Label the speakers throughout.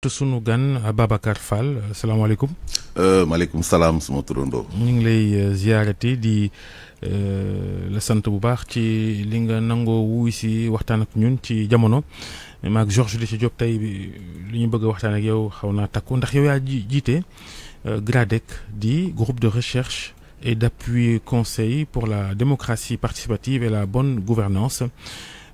Speaker 1: te sunu gan Ababacar euh, Fall euh, salaamaaleykum.
Speaker 2: Euh, maaleykum salaam suma turandoo.
Speaker 1: ñu ngi lay ziyaarati di la sant bu baax ci li nga nangoo wuy si waxtaan ak ñun ci jamono ak Georges di ci Diop tey li ñu bëgg a waxtaan ak yow xaw naa takku ndax yow yaa jiite GRADEC di groupe de recherche et d'appui conseil pour la démocratie participative et la bonne gouvernance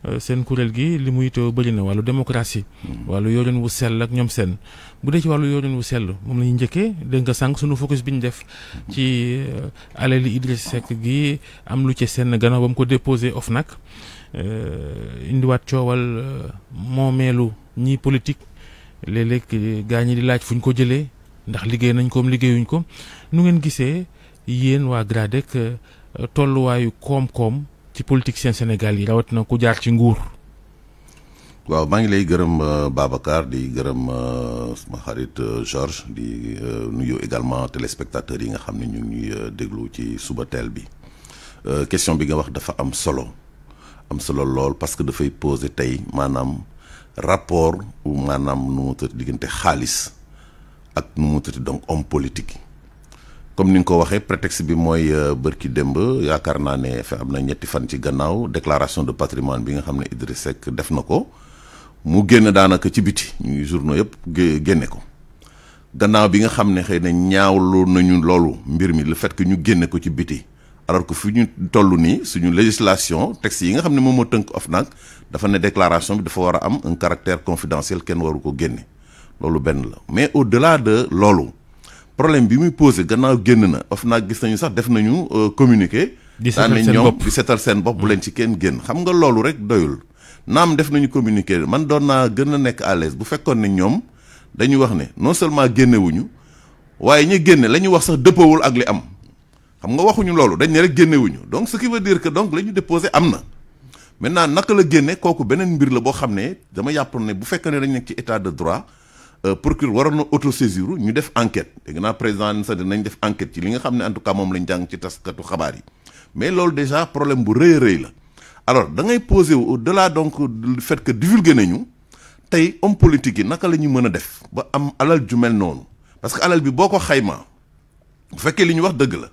Speaker 1: Euh, seen kuréel gi li muy itoo bëri na wàllu démocratie. Hmm. wàllu yorin wu sell ak ñoom seen. bu dee ci wàllu yorin wu sell moom la ñuy njëkkee dégg nga sànq sunu focus bi ñu def hmm. ci euh, alali Idriss Seck gi am lu ci seen gannaaw ba mu ko déposé OFNAC euh, indiwaat coowal moomeelu ñii politique léeg-léeg gaa ñi di laaj fu ñu ko jëlee ndax liggéey nañ ko liggéeyuñ ko nu ngeen gisee yéen waa GRADEC tolluwaayu koom-koom. ci politiciens Sénégal yi rawatina ku jaar ci nguur.
Speaker 2: waaw maa ngi lay gërëm euh, Babacar di gërëm euh, sama xarit euh, Georges di nuyu également téléspectateurs yi nga xam ne ñu ngi déglu ci suba teel bi question bi nga wax dafa am solo am solo lool parce que dafay poser tey maanaam rapport maanaam nu mu tëdd diggante xaalis ak nu mu tëdd donc homme politique. comme ni nga ko waxee prétexte bi mooy euh, bërki démb yaakaar naa ne am na ñetti fan ci gannaaw déclaration de patrimoine bi nga xam ne Idriss Seck def na ko mu génn daanaka ci biti ñuy yëpp génne ko gannaaw bi nga xam ne xëy na ñaawlu loolu mbir mi le fait ñu génne ko ci biti alors que fi ñu toll ni suñu législation texte yi nga xam ne moom moo tënk nag dafa ne déclaration bi dafa war a am un caractère confidentiel kenn waru ko génne loolu benn la mais au delà de loolu problème bi muy posé gannaaw génn na of naa gis nañu sax def nañu euh, communiqué. di seetal seen ñoom di seetal seen bopp bu leen ci kenn génn xam nga loolu rek doyul. naam def nañu communiqué man doon naa gën a nekk à l'aise bu fekkoon ne ñoom dañuy wax ne non seulement génnewuñu waaye ñi génne la ñu wax sax dëppawul ak li am xam nga waxuñu loolu dañ ne rek génnewuñu donc ce qui veut dire que donc la ñu déposé am na. maintenant naka la génne kooku beneen mbir la boo xam ne dama yàpp ne bu fekkee ne dañ nekk ci état de droit. pour euh, procureur waroon na autosaisir ñu def enquête dégg naa président sa dinañ def enquête ci li nga xam ne en tout cas moom lañ jàng ci taskatu xabaar yi mais loolu déjà problème bu rëy rëy la alors da ngay poser au delà donc du fait que divulgué nañu tey homme politique yi naka la ñu mën a def ba am alal ju noonu parce que alal bi boo ko xaymaa bu fekkee li ñu wax dëgg la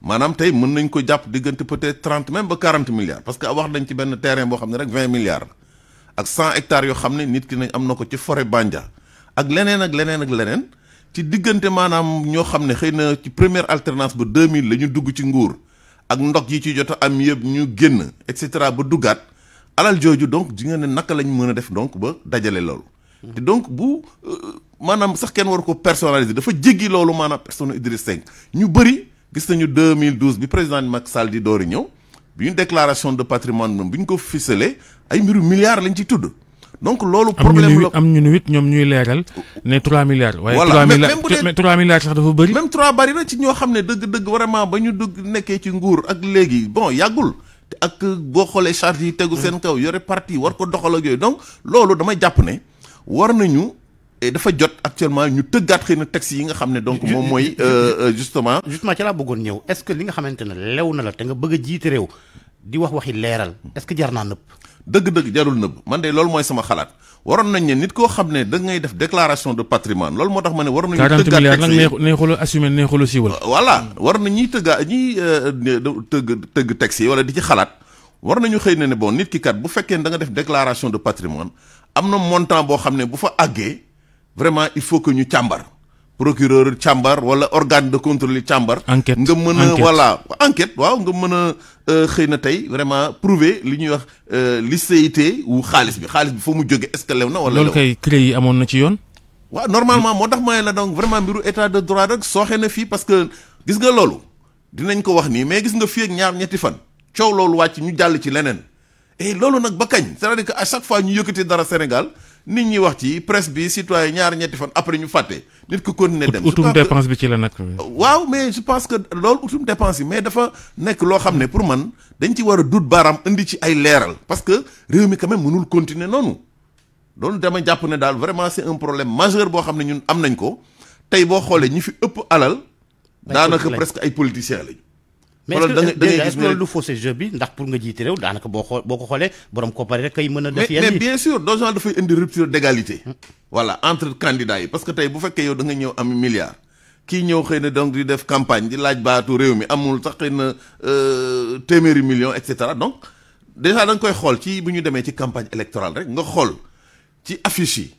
Speaker 2: maanaam tey mën nañ ko jàpp diggante peut-être trente ba quarante milliards parce que wax nañ ci benn terrain boo xam ne rek vingt milliards cent hectares yoo xam ne nit ki nañ am na ko ci forêt Bandia ak leneen ak leneen ak leneen ci diggante maanaam ñoo xam ne xëy na ci première alternance ba 2000 la ñu dugg ci nguur ak ndox yi ci jot am yëpp ñu génn et cetera ba duggaat alal jooju donc di nga ne naka lañ mën a def donc ba dajale loolu. te donc bu euh, maanaam sax kenn war ko personnaliser dafa jéggi loolu maanaam personne Idriss cinq ñu bëri gis nañu 2012 bi président Macky Sall di doori ñëw bi ñu déclaration de patrimoine moom bi ñu ko ficelé ay mbiru milliards lañu ci tudd. donc loolu problème la
Speaker 1: am ñu ni huit ñoom ñuy leeral
Speaker 2: ne trois milliards waaye voilà mais trois milliards sax dafa bëri même trois bëri na ci ñoo xam ne dëgg-dëgg vraiment ba ñu dëgg nekkee ci nguur ak léegi bon yàggul ak boo xoolee charge yi tegu seen kaw yore parti war ko doxal ak yooyu donc loolu dama jàpp ne war nañu eh, dafa
Speaker 3: jot actuellement ñu tëggaat xëy na taxi yi nga xam ne donc moom mooy euh, euh, justement justement ci laa bëggoon ñëw est-ce que li nga xamante ne lew na la te nga bëgg jiite réew di wax waxi leeral est-ce que jar naa nëpp dëgg-dëgg jarul nëbb man de loolu mooy sama xalaat waroon nañ ne nit koo xam ne da ngay def déclaration
Speaker 2: de patrimoine loolu moo tax ma ne waroon nañu tëggaat 40 milliards
Speaker 1: nag neexul assumer neexul siiwal euh,
Speaker 2: voilà waroon na ñuy euh, tëgg tëgg texte yi wala di ci xalaat war nañu xëy na ne boo nit ki kat bu fekkee ne danga nga def déclaration de patrimoine am na montant boo xam ne bu fa àggee vraiment il faut que ñu càmbar procureur càmbar wala organe de contrôle yi càmbar. enquête nga mën a voilà enquête waaw nga mën a euh, xëy na tey vraiment prouver li ñuy wax euh, licéité wu xaalis bi xaalis bi fa mu jóge est-ce na wala. loolu
Speaker 1: kay CREI yi amoon na ci yoon.
Speaker 2: waaw normalement moo tax may la donc vraiment mbiru état de droit rek sooxe na fii parce que gis nga loolu dinañ ko wax nii mais gis nga fii ak ñaar ñetti fan coow loolu wàcc ñu jàll ci leneen. et loolu nag ba kañ c'est-à-dire que à chaque fois ñu yëkkati nit ñi wax ci presse bi citoyen ñaar ñetti fan après ñu fàtte nit ku continuer dem utum dépense bi ci la nag waaw mais je pense que loolu utum dépense yi mais dafa nekk loo xam ne pour man dañ ci war a dut baaraam indi ci ay leeral parce que réew mi quand même mënul continuer noonu loolu dama jàpp ne daal vraiment c'est un problème majeur boo xam ne ñun am nañ ko tey boo xoolee ñi fi ëpp alal daanaka presque ay politiciens
Speaker 3: lañu mais est-ce que lu faussé jeu bi ndax pour nga jiite réew daanaka boo xoo boo ko xoolee borom koppar rek kay mën a def yenn mais bien sûr doo gens dafay indi d'égalité voilà entre candidats
Speaker 2: yi parce que tey bu fekkee yow da nga ñëw am milliard kii ñëw xëy na donc di def campagne di laaj baatu réew mi amul sax xëy na euh, téeméeri million et cetera donc déjà da nga koy xool ci bu ñu demee ci campagne électorale rek nga xool ci affiche yi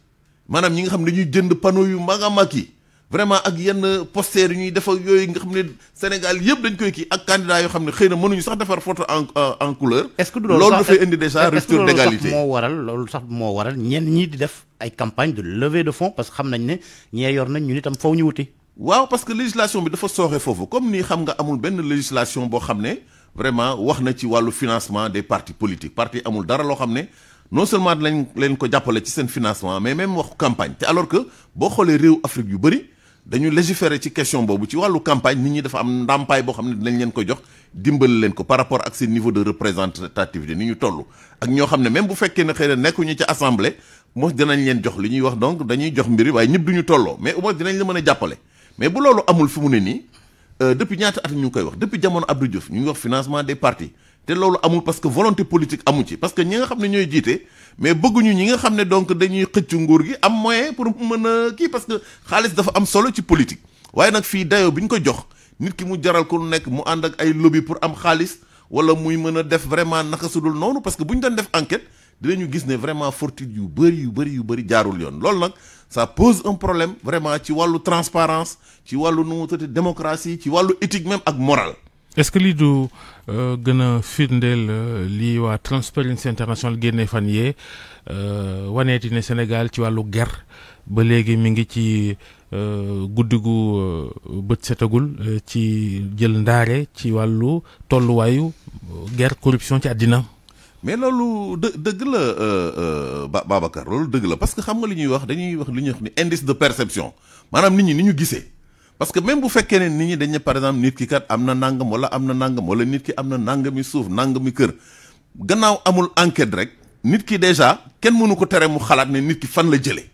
Speaker 2: maanaam ñi nga xam ne dañuy jënd panneau yu mag a yi vraiment ak yenn posters yu ñuy def ak yooyu nga xam ne Sénégal yëpp dañ koy kii ak candidat yoo xam ne xëy na mënuñu sax defar photo en en couleur. est-ce que du loolu sax dafay indi déjà rupture moo
Speaker 3: waral loolu sax moo waral ñenn ñii di def ay campagne de levée de fonds parce que xam nañ ne ñee yor nañ ñun itam faw ñu wuti. waaw parce que législation bi dafa sooxe foofu comme nii xam nga amul
Speaker 2: benn législation boo xam ne vraiment wax na ci wàllu financement des partis politiques parti amul dara loo xam ne. non seulement dinañ leen ko jàppale ci seen financement mais même wax campagne te alors que boo xoolee réew Afrique bëri dañu légiférer ci question boobu ci wàllu campagne nit ñi dafa am ndàmpaay boo xam ne dinañ leen ko jox dimbali leen ko par rapport ak seen niveau de représentativité ni ñu toll ak ñoo xam ne même bu fekkee ne xëy na nekkuñu ci assemblée moo dinañ leen jox li ñuy wax donc dañuy jox mbiri yi waaye ñëpp ñu tolloo mais au moins dinañ la mën a jàppale mais bu loolu amul fi mu ne nii euh, depuis ñaata at ñu ngi koy wax depuis jamono Abdou Diouf ñu ngi wax financement des partis te loolu amul parce que volonté politique amu ci parce que ñi nga xam ne ñooy jiite mais bëgguñu ñi nga xam ne donc dañuy xëcc nguur gi am moyen pour mën a kii parce que xaalis dafa am solo ci politique waaye nag fii dayo bi ñu ko jox nit ki mu jaral ko nu nekk mu ànd ak ay lobby pour am xaalis wala muy mën a def vraiment naka su noonu parce que bu ñu doon def enquête dinañu gis ne vraiment fortunes yu bëri yu bëri yu bëri jaarul yoon loolu nag ça pose un problème vraiment ci wàllu transparence ci wàllu nu mu tuddati démocratie ci wàllu éthique ak morale
Speaker 1: est-ce que lii du euh, gën a firndeel euh, lii waa Transparency International génne fan yee euh, waneeti ne Sénégal ci wàllu ger ba léegi mi ngi ci guddi gu bët setagul ci jël ndaare ci wàllu tolluwaayu ger corruption ci àddina
Speaker 2: mais loolu dë dëgg la Babacar loolu dëgg la parce que xam nga li ñuy wax dañuy wax li ñuy wax ni indice de perception maanaam nit ñi ni ñu gisee parce que même bu fekkee ne nit ñi dañ ne par exemple nit ki kat am na nangam wala am na nangam wala nit ki am na nangami suuf nangami kër gannaaw amul enquête rek nit ki déjà kenn mënu ko teree mu xalaat ne nit ki fan la jëlee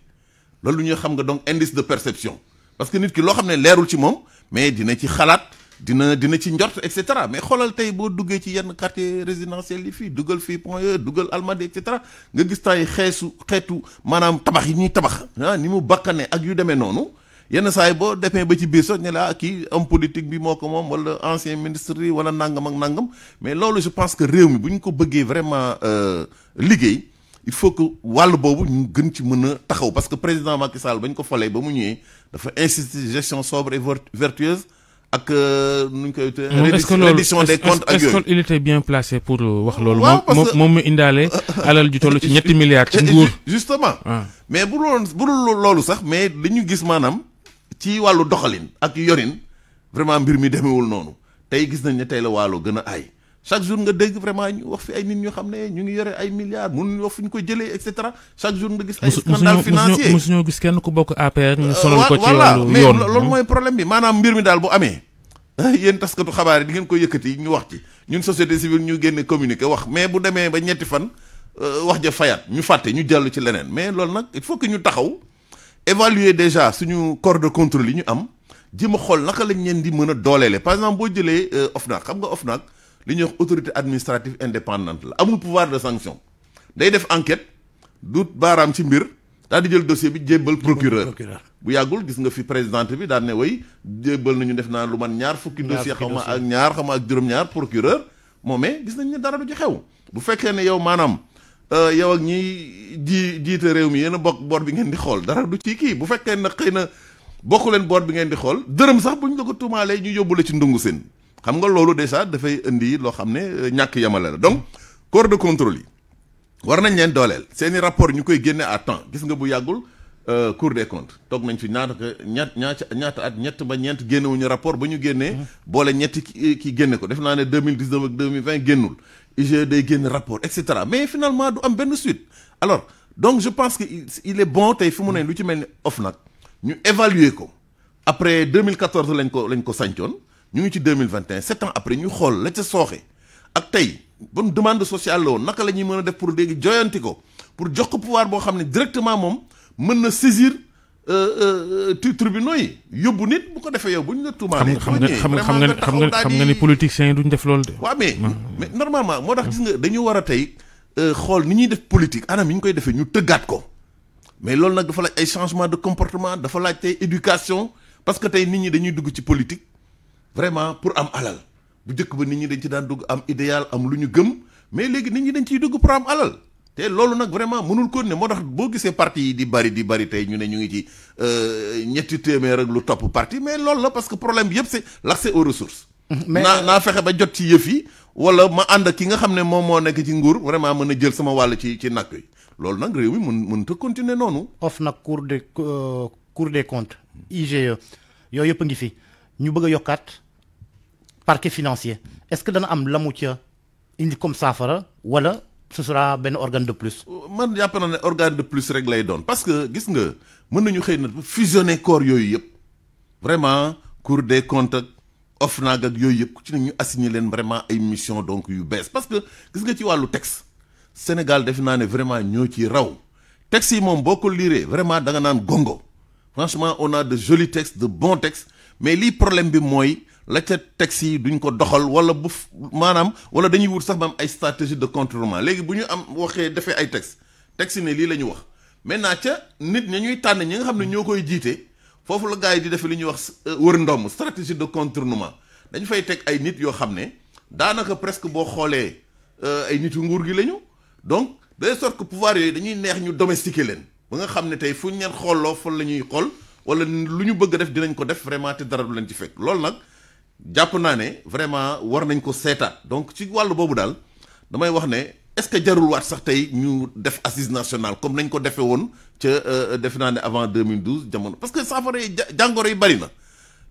Speaker 2: loolu ñuy xam nga donc indice de perception parce que nit ki loo xam ne leerul ci moom mais dina ci xalaat dina dina ci njort et cetera mais xoolal tey boo duggee ci yenn quartier résidentiel yi fii dugal fii Point E dugal Almadies et nga gis temps xeesu xeetu maanaam tabax yi ñuy tabax ah, ni mu bakkanee ak yu demee noonu yenn saa boo defee ba ci biir sax ñu la ah, kii homme politique bi moo ko moom wala ancien ministre yi wala nangam ak nangam mais loolu je pense que réew mi bu ñu ko bëggee vraiment euh, liggéey il faut que wàll boobu ñu gën ci mën a taxaw parce que président Macky Sall ba ñu ko falee ba mu ñëwee dafa insister gestion sobre et vertueuse ak euh, nu ñu koy. reddition des comptes ak yooyu
Speaker 1: est-ce qu'il était pour euh, wax loolu. waaw moom mu indaale
Speaker 2: alal ju toll ci ñetti milliards. ci nguur justement ah. mais bu loolu bu loolu sax mais dañu gis maanaam. ci wàllu doxalin ak yorin vraiment mbir mi demewul noonu tey gis nañ ne tey la waalo gën a ay chaque jour nga dégg vraiment ñu wax fi ay nit ñoo xam ne ñu ngi yore ay milliards mënuñu wax fu ko jëlee et cetera jour nga gis. ay scandale financier
Speaker 1: kenn ku bokk APR. ñu euh, sonal ko ci mooy
Speaker 2: problème bi maanaam mbir daal bu amee. yéen taskatu xabaar yi di ngeen ko yëkkati ñu wax ci ñun société civile ñu génne communiqué wax mais bu demee ba ñetti fan euh, wax ja fayat ñu fàtte ñu jàll ci leneen mais loolu nag il faut que ñu taxaw évaluer déjà suñu corps de contre li ñu am jéem a xool naka lañ leen di mën a dooleele par exemple boo jëlee euh, OFNAC xam nga OFNAC li ñuy wax autorité administrative indépendante la amul pouvoir de sanction day def enquête du baaraam ci mbir daal di jël dossier bi jébbal procureur bu yàggul gis nga fi présidente bi daan ne way jébbal nañu def naa lu man ñaar fukki dossier xaw ma ak ñaar xaw ma ak juróom-ñaar procureur moom mais gis nañ ne dara du ci xew bu fekkee ne yow maanaam Euh, yow ak ñiy ji jiite réew mi yéen bokk boor bi ngeen di xool dara du ci kii bu fekkee na xëy na bokku leen boor bi ngeen di xool dërëm sax buñ la ko tuumaalee ñu yóbbu la ci ndungu seen xam nga loolu déjà dafay indi loo xam ne euh, ñàkk yemale la donc corps de contrôle yi war nañ leen dooleel seen i rapport ñu koy génne à temps gis nga bu yàggul euh, Cour de comptes toog nañ fi ñaata ñaat ñaata at ñett ba ñeent génnewuñu rapport ba ñu génnee boole ñetti ki génne ko def naa ne 2019 ak 2020 génnul IGE day génn rapport et cetera mais finalement du am benn suite alors donc je pense que il est bon tey fi mu ne lu ci mel ni OFNAC ñu évaluer ko après 2014 lañ ko lañ ko sàncoon ñu ngi ci 2021 sept ans après ñu xool la ca sooxe ak tey bon demande sociale la woon naka la ñuy mën a def pour léegi joyanti ko pour jox ko pouvoir boo xam ne directement moom mën na saisir. Euh, euh, euh, tribunaux yi yóbbu nit bu ko defee yow bu ñu la tuumaalee. xam nga xam nga xam nga xam nga xam nga ni
Speaker 1: politiciens yi duñ def loolu de. waaw mais
Speaker 2: mais normalement moo tax gis nga dañu war a tey xool ni ñuy def politique anam yi ñu koy defee ñu tëggaat ko mais loolu nag dafa laaj ay changement de comportement dafa laaj tey éducation parce que tey nit ñi dañuy dugg ci politique vraiment pour am alal bu njëkk ba nit ñi dañ ci daan dugg am idéal am lu ñu gëm mais léegi nit ñi dañ ciy dugg pour am te loolu nag vraiment mënul kon ne moo tax boo gisee parti yi di bari di bari tey ñu ne ñu ngi ci euh, ñetti téeméer lu topp parti mais loolu la parce que problème bi yëpp c'est l'accès aux ressources. mais naa naa fexe ba jot ci yëf yi wala ma ànd ak ki nga xam ne moom moo nekk ci nguur vraiment mën na jël sama wàll ci ci nakk yi loolu nag réew
Speaker 3: mi mën mënut a continuer noonu. of nag cour de euh, cour des comptes IGE yooyu yëpp a ngi fi ñu bëgg a yokkaat parquet financier est-ce que dana am lamu ca indi comme saafara wala. ce sera benn
Speaker 2: organe de plus. man jàpp naa ne organe de plus rek lay doon parce que gis nga mën nañu xëy na fusionner corps yooyu yëpp vraiment cour de comptes ak OFNAC ak yooyu yëpp ci ne ñu assigner leen vraiment ay mission donc yu bees parce que gis nga ci wàllu tex Sénégal defe naa ne vraiment ñoo ci raw tex yi moom boo ko liiree vraiment da nga naan gongo franchement on a de jolis textes de bon textes mais lii problème bi mooy. la ca taxi yi ko doxal wala bu maanaam wala dañuy sax ba ay stratégie de contournement léegi bu ñu am waxee defee ay texte texte ne lii la ñu wax maintenant ca nit ña ñuy tànn ñi nga xam ne ñoo koy jiite foofu la gars yi di defee li ñuy wax euh, wër ndomm stratégie de contournement dañu fay teg ay nit yoo xam ne daanaka presque boo xoolee euh, ay nitu nguur gi la ñu donc de sort que pouvoir yooyu dañuy neex ñu domestiquer leen ba nga xam ne tey fu ñu leen xooloo fan la ñuy xool wala lu ñu bëgg a def dinañ ko def vraiment te dara du leen ci fekk loolu nag. jàpp naa ne vraiment war nañ ko seetaat donc ci wàllu boobu daal damay wax ne est-ce que jarul waat sax tey ñu def assise nationale comme nañ ko defee woon ca euh, defe naa ne avant 2012 jamono parce que saafara yi jàngoro yi bari na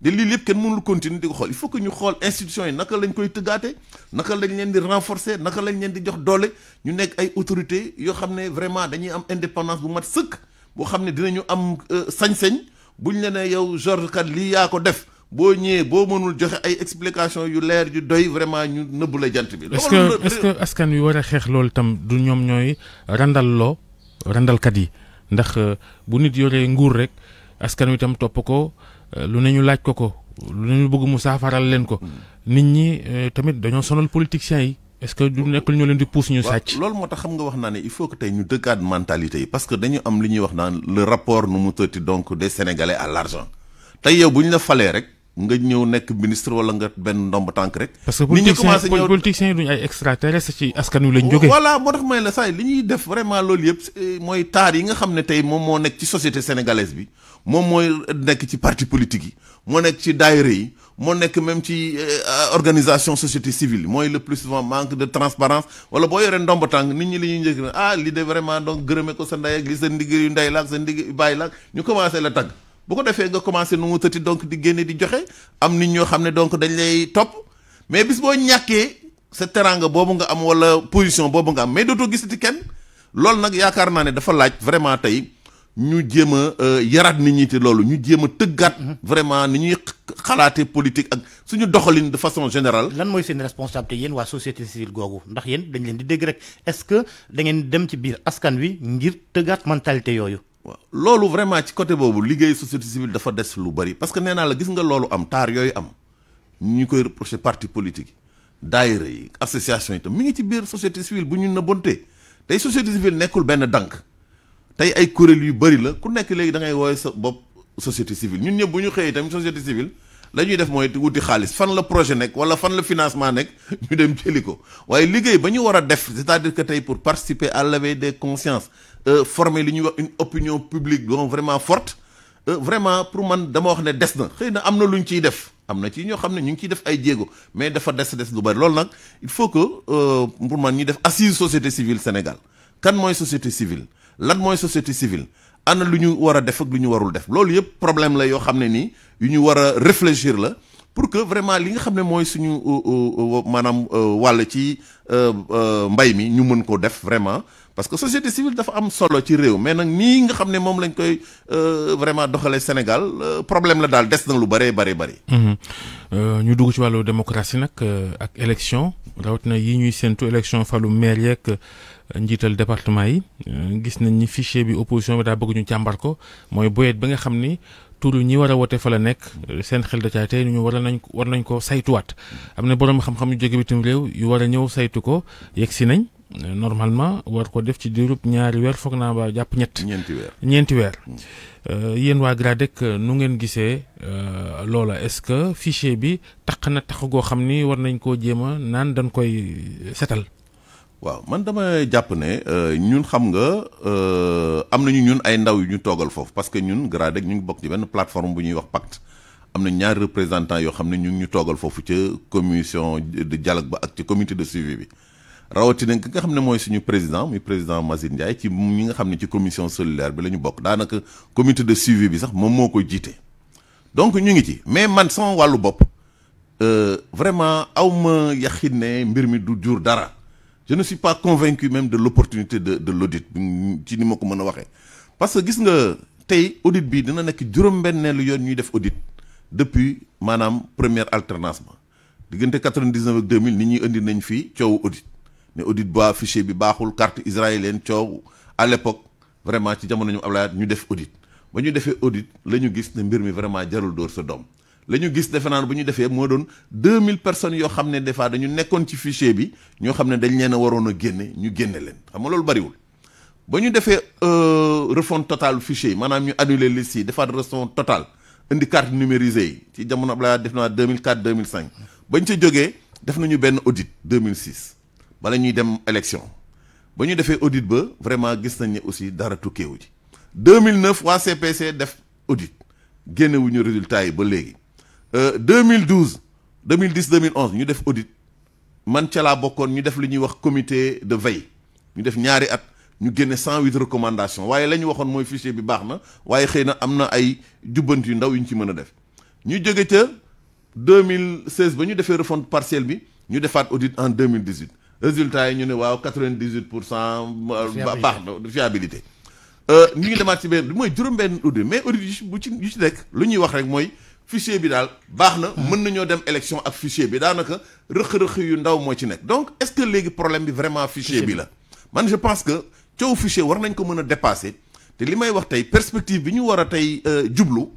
Speaker 2: di lii lépp kenn mënul continuer di ko xool il faut que ñu xool institution yi naka lañ koy tëggaate naka lañ leen di renforcer naka lañ leen di jox doole ñu nekk ay autorités yoo xam ne vraiment dañuy am indépendance bu mat sëkk boo xam ne dinañu am euh, sañ-sañ buñ la yow Georges lii yaa ko def. boo ñëwee boo mënul joxe ay explication yu leer yu doy vraiment ñu nëbbu la jant bi. est
Speaker 1: askan wi war a xeex loolu tam du ñoom ñooy randalloo randalkat yi ndax euh, bu nit yoree nguur rek askan wi tam topp ko euh, lu ne ñu laaj ko ko lu ne ñu bëgg mu saafaral leen ko hmm. nit ñi euh, tamit dañoo sonal politiciens yi. est-ce que du nekkul ñoo leen di pousse ñu sàcc.
Speaker 2: lool moo tax xam nga wax naa ne il faut que tey ñu dëkkaat mentalité yi parce que dañu am li ñuy wax naa le rapport mu tëtti donc des sénégalais à l'argent tey yow bu ñu la falee rek. nga ñëw nekk ministre wala nga benn ndomba tànk rek. parce que
Speaker 1: politiciens duñ ay extraterrestre ci askan wi lañ jógee. voilà
Speaker 2: moo tax may la saay li ñuy def vraiment loolu yëpp euh, mooy taar yi nga xam ne tey moom moo nekk ci société sénégalaise bi moom mooy nekk ci parti politique yi moo nekk ci daayira yi moo nekk même ci euh, organisation société civile mooy le plus souvent manque de transparence wala boo yore ndomb tànk nit ñi li ñuy njëkk ah li de vraiment donc gërëme ko sa ndey ak li ndey la ak bàyyi la ñu commencé la tagg. bu ko defee nga commencé nu mu tëti donc di génne di joxe am nit ñoo xam ne donc dañ lay topp mais bis boo ñàkkee sa teraanga boobu nga am wala position boobu nga am mais dootoo gisati kenn loolu nag yaakaar naa ne dafa laaj vraiment tey ñu jéem a euh, yaraat nit ñi te
Speaker 3: loolu ñu jéem a tëggaat. Mhm. vraiment ni ñuy xalaatee politique ak suñu doxalin de façon générale. lan mooy seen responsabilité yéen waa société civile googu ndax yéen dañ leen di dégg rek est-ce que da ngeen dem ci biir askan wi ngir tëggaat mentalité yooyu. waaw
Speaker 2: loolu vraiment ci côté boobu liggéey société civile dafa des lu bari parce que nee naa la gis nga loolu am taar yooyu am ñu koy reproché parti politique daayira yi association yi tam mu ngi ci biir société civile bu ñun na bonté tey société civile nekkul benn dànk tey ay kuréel yu bari la ku nekk léegi da ngay wooye sa bopp société civile ñun ñëpp bu ñu xëyee tamit société civile la ñuy def mooy wuti xaalis fan la projet nekk wala fan la financement nekk ñu dem jëli ko waaye liggéey ba ñu war def c'est-à-dire tey pour participer à des consciences Euh, forme li ñuy wax une opinion publique donc vraiment forte euh, vraiment pour man dama wax ne des na xëy na am na lu ñu ciy def am na ci ñoo xam ne ñu ngi ciy def ay jéego mais dafa des des lu bari loolu nag il faut que euh, pour man ñu def assise société civile Sénégal kan mooy société civile lan mooy société civile na lu ñu war a def ak lu ñu warul def loolu yëpp problème la yoo xam ne nii yu ñu war a réfléchir la pour que vraiment li nga xam ne mooy suñu maanaam wàll ci mbay mi ñu mën ko def vraiment parce que société civile dafa am solo ci réew mais nag nii nga xam ne moom lañ koy euh, vraiment doxalee Sénégal euh, problème la daal des na lu bëree bëri bëri.
Speaker 1: ñu dugg ci wàllu démocratie nag euh, ak élection rawatina yi ñuy séntu élection falu maire yeeg njiital département yi gis nañ ni fichier bi opposition bi daa bëgg ñu càmbar ko mooy boyet bi nga xam ni. turu ñi war a wote fa la nekk seen xel de caay tey ñu war nañ war nañ ko saytuwaat am na boroom xam-xam yu jóge bitim réew yu war a ñëw saytu ko yegg si nañ normalement war ko def ci diirub ñaari weer foog naa ba jàpp ñett. ñeenti weer ñeenti weer. Mm. Euh, yéen waa GRADEC nu ngeen gisee euh, loola est-ce que fichier bi taq na taq goo xam ni war nañ koo jéem naan dañ koy setal.
Speaker 2: waaw man dama jàpp ne euh, ñun xam nga am nañu ñun ay ndaw yu ñu toogal foofu parce que ñun GRADEC ñu ngi bokk ci benn plateforme bu ñuy wax pacte am na ñaari représentant yoo xam ne ñu ngi ñu toogal foofu ci commission de dialogue ba ak ci comité de suivi bi. rawatina ki nga xam ne mooy suñu président muy président Mazine Ndiaye ci ñi nga xam ne ci commission solidaire bi la ñu bokk daanaka comité de suivi bi sax moom moo ko jiite. donc ñu ngi ci mais man sama wàllu bopp euh, vraiment aw ma yaxin ne mbir mi du jur dara je ne suis pas convaincu même de l'opportunité de de l'audit ci ni ma ko mën a waxee. parce que gis nga tey audit bi dina nekk juróom-benneelu yoon ñuy def audit depuis maanaam première alternance ba diggante 99 ak 2000 nit ñi indi nañ fii coowu audit. ne audit ba fichier bi baaxul carte israélienne coow à l'époque vraiment ci jamono ñu Ablaye ñu def audit ba ñu defee audit la ñu gis ne mbir mi vraiment jarul door sa doom la ñu gis defe naan bu ñu defee moo doon 2000 personnes yoo xam ne des fois dañu nekkoon ci fichier bi ñoo xam ne dañ leen a waroon a génne ñu génne leen xam nga loolu bariwul ba ñu defee euh, refonte totale fichier maanaam ñu annuler liste yi defaat refonte totale indi carte numérisée yi ci jamono Ablaye def naa 2004 2005 bañ ca jógee def nañu benn audit 2006. bala ñuy dem élection ba ñu defee audit ba vraiment gis nañ ne aussi dara tukkeewu ci 2009 waa CPC def audit génnewuñu résultat yi ba léegi 2012 2010 2011 ñu def audit man ca laa bokkoon ñu def li ñuy wax comité de veille ñu def ñaari at ñu génne 108 recommandations waaye la ñu waxoon mooy fichier bi baax na waaye xëy na am na ay jubbant yu ndaw yu ñu ci mën a def ñu jóge ca 2016 ba ñu defee refonte partielle bi ñu defaat audit en 2018. résultat yi ñu ne waaw 98 pour cent. baax na fiabilité. Euh, ñu ngi demaat ci benn mooy juróom-benn audit mais audit yu bu ci yu nekk lu ñuy wax rek mooy fichier bi daal baax na. Hmm. mën nañoo dem élection ak fichier bi daanaka rëq-rëq yu ndaw moo ci nekk donc est-ce que léegi problème bi vraiment fichier bi la. man je pense que coow fichier war nañ ko mën a dépassé te li may wax tey perspective bi ñu war a tey euh, jublu.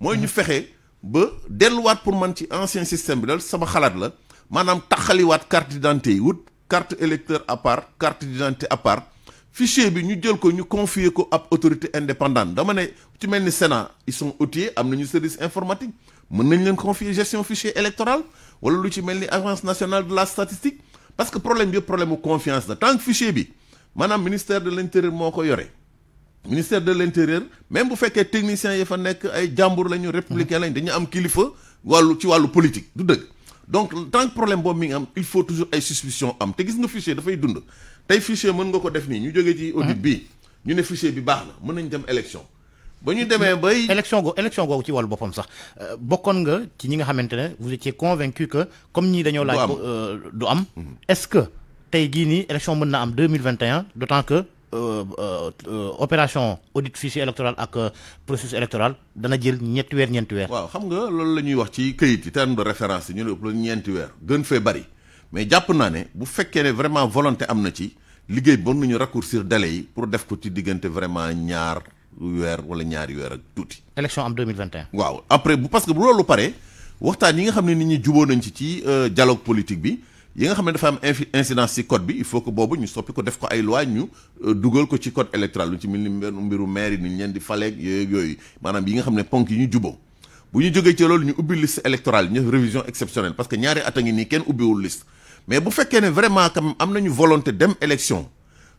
Speaker 2: mooy ñu hmm. fexe ba delluwaat pour man ci ancien système bi daal sama xalaat la maanaam taxaliwaat carte d'identité yi wut. carte électeur à part carte d'identité à part fichier bi ñu jël ko ñu confier ko ab autorité indépendante dama ne ci mel ni Sénat ils sont outillés am nañu service informatique mën nañu leen confier gestion fichier électoral wala lu ci mel ni agence nationale de la statistique parce que problème bi yëpp problème mu confiance la tant fichier bi maanaam ministère de l'intérieur moo ko yore ministère de l'intérieur même bu fekkee techniciens yi fa nekk ay jàmbur lañu républicain lañ dañu am kilifa wàllu ci wàllu politique du dëgg donc tant que problème boobu mi ngi am il faut toujours ay suspicion am te gis nga fichier dafay dund tey fichier mën nga ko def nii ñu jógee
Speaker 3: ci audit bi ñu ne fichier bi baax na mën nañ dem élection ba ñu demee bay. élection go élection googu ci wàllu boppam sax euh, bokkoon nga ci ñi nga xamante ne vous étiez convaincu que comme ñii dañoo. laaj ko du am euh, est-ce que tey gii nii élection mën na am deux mille vingt et un d'autant que. Euh, euh, euh, opération audit fichier électoral ak processus électoral dana jël ñetti weer ñeenti weer.
Speaker 2: waaw xam nga loolu la ñuy wax ci këyit yi terme de référence yi ñu ne ëpp la ñeenti weer gën fee bari mais jàpp naa ne bu fekkee ne vraiment am na ci liggéey bon nañu raccourcir délai yi pour def ko ci diggante vraiment ñaar weer wala ñaari weer ak tuuti.
Speaker 3: élection am 2021.
Speaker 2: waaw après bu parce que bu loolu paree waxtaan yi nga xam ne nit ñi juboo nañ ci ci dialogue politique bi. yi nga xam ne dafa am incidence ci code bi il faut que boobu ñu soppi ko def ko ay loi ñu euh, dugal ko ci code électoral lu ci mel ni mbiru maire yi ni leen di faleeg yooyu yooyu maanaam yi nga xam ne ponk yi ñu juboo bu ñu jógee ci loolu ñu ubbi liste électorale ñu révision exceptionnelle parce que ñaari at a ngi nii kenn ubbiwul liste mais bu fekkee ne vraiment kam am nañu volonté dem élection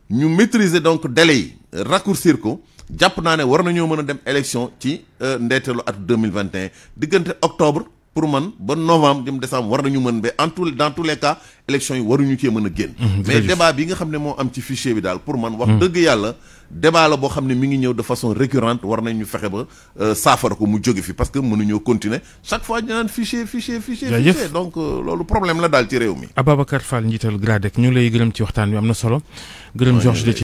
Speaker 2: ñu maîtriser donc délai yi raccourcir ko jàpp naa ne war nañoo mën a dem élection ci euh, ndeetalu at 2021 diggante octobre pour man ba novembre jëm décembre war nañu mën ba en dans tous les cas élections yi waruñu cee mën a génn mais débat bi nga xam ne moo am ci fichier bi daal pour man wax dëgg yàlla débat la boo xam ne mi ngi ñëw de façon récurrente war nañu fexe ba euh, saafara ko mu jóge fi parce que mënuñoo continuer chaque fois ñu naan fichier fichier fichier fichier donc euh, loolu problème la daal ci réew mi
Speaker 1: Ababacar Fall njiital GRADEC ñu lay gërëm ci waxtaan bi am na solo gërëm Georges